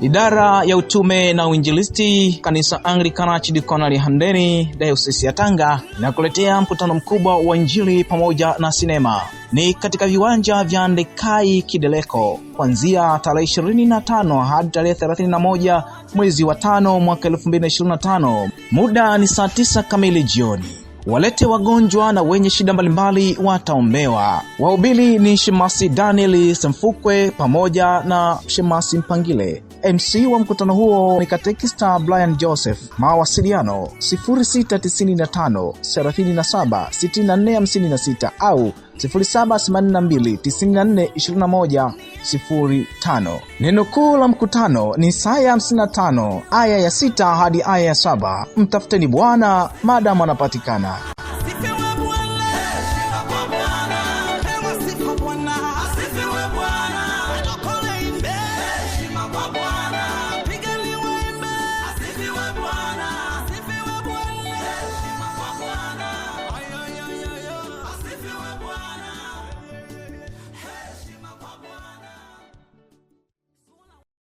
Idara ya utume na uinjilisti kanisa Anglikana Chidikonal Handeni Dayosisi ya Tanga inakuletea mkutano mkubwa wa injili pamoja na sinema. Ni katika viwanja vya Ndekai Kideleko kuanzia tarehe 25 hadi tarehe 31 mwezi wa tano mwaka 2025. Muda ni saa 9 kamili jioni. Walete wagonjwa na wenye shida mbalimbali wataombewa. Wahubiri ni Shemasi Danieli Semfukwe pamoja na Shemasi Mpangile. MC wa mkutano huo ni katekista Brian Joseph. Mawasiliano 0695376456 au 0782942105. Neno kuu la mkutano ni Isaya 55 aya ya sita hadi aya ya saba. Mtafuteni Bwana madamu anapatikana.